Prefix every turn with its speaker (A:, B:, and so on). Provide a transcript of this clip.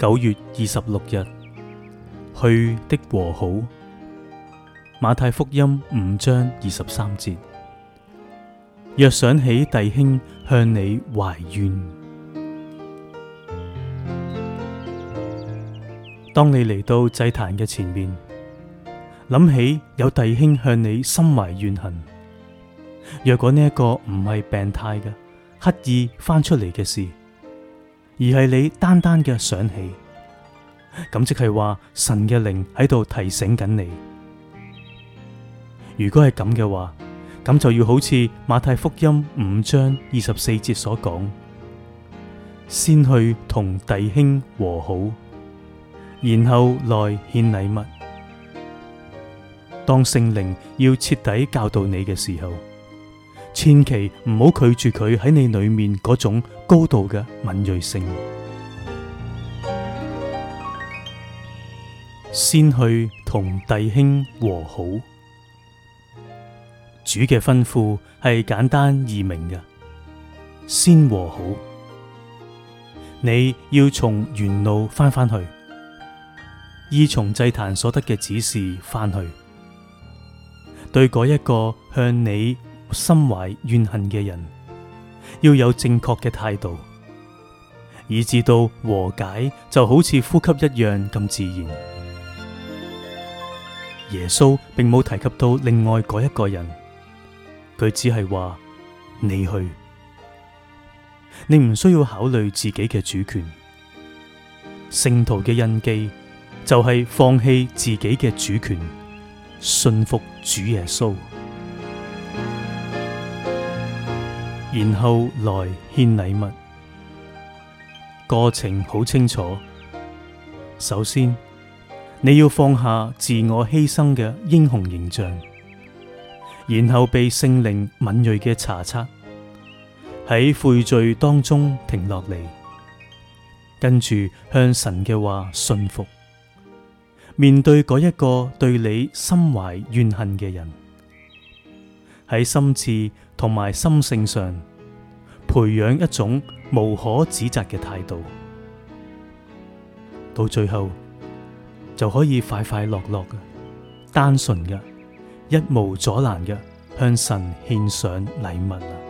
A: 九月二十六日，去的和好。馬太福音五章二十三節：若想起弟兄向你懷怨，當你嚟到祭壇嘅前面，諗起有弟兄向你心懷怨恨，若果呢一個唔係病態嘅刻意翻出嚟嘅事，而係你單單嘅想起。咁即係話神嘅靈喺度提醒緊你，如果係咁嘅話，咁就要好似馬太福音五章二十四節所講，先去同弟兄和好，然後來獻禮物。當聖靈要徹底教導你嘅時候，千祈唔好拒絕佢喺你裏面嗰種高度嘅敏銳性。先去同弟兄和好。主嘅吩咐係簡單易明嘅，先和好。你要從原路翻返去，依從祭壇所得嘅指示翻去。對嗰一個向你心懷怨恨嘅人，要有正確嘅態度，以至到和解就好似呼吸一樣咁自然。耶穌並冇提及到另外嗰一個人，佢只係話你去，你唔需要考慮自己嘅主權。聖徒嘅印記就係放棄自己嘅主權，信服主耶穌，然後來獻禮物。過程好清楚，首先。你要放下自我犧牲嘅英雄形象，然後被聖靈敏銳嘅查察，喺悔罪當中停落嚟，跟住向神嘅話信服。面對嗰一個對你心懷怨恨嘅人，喺心智同埋心性上培養一種無可指責嘅態度，到最後。就可以快快樂樂嘅，單純的一無阻攔的向神獻上禮物啦。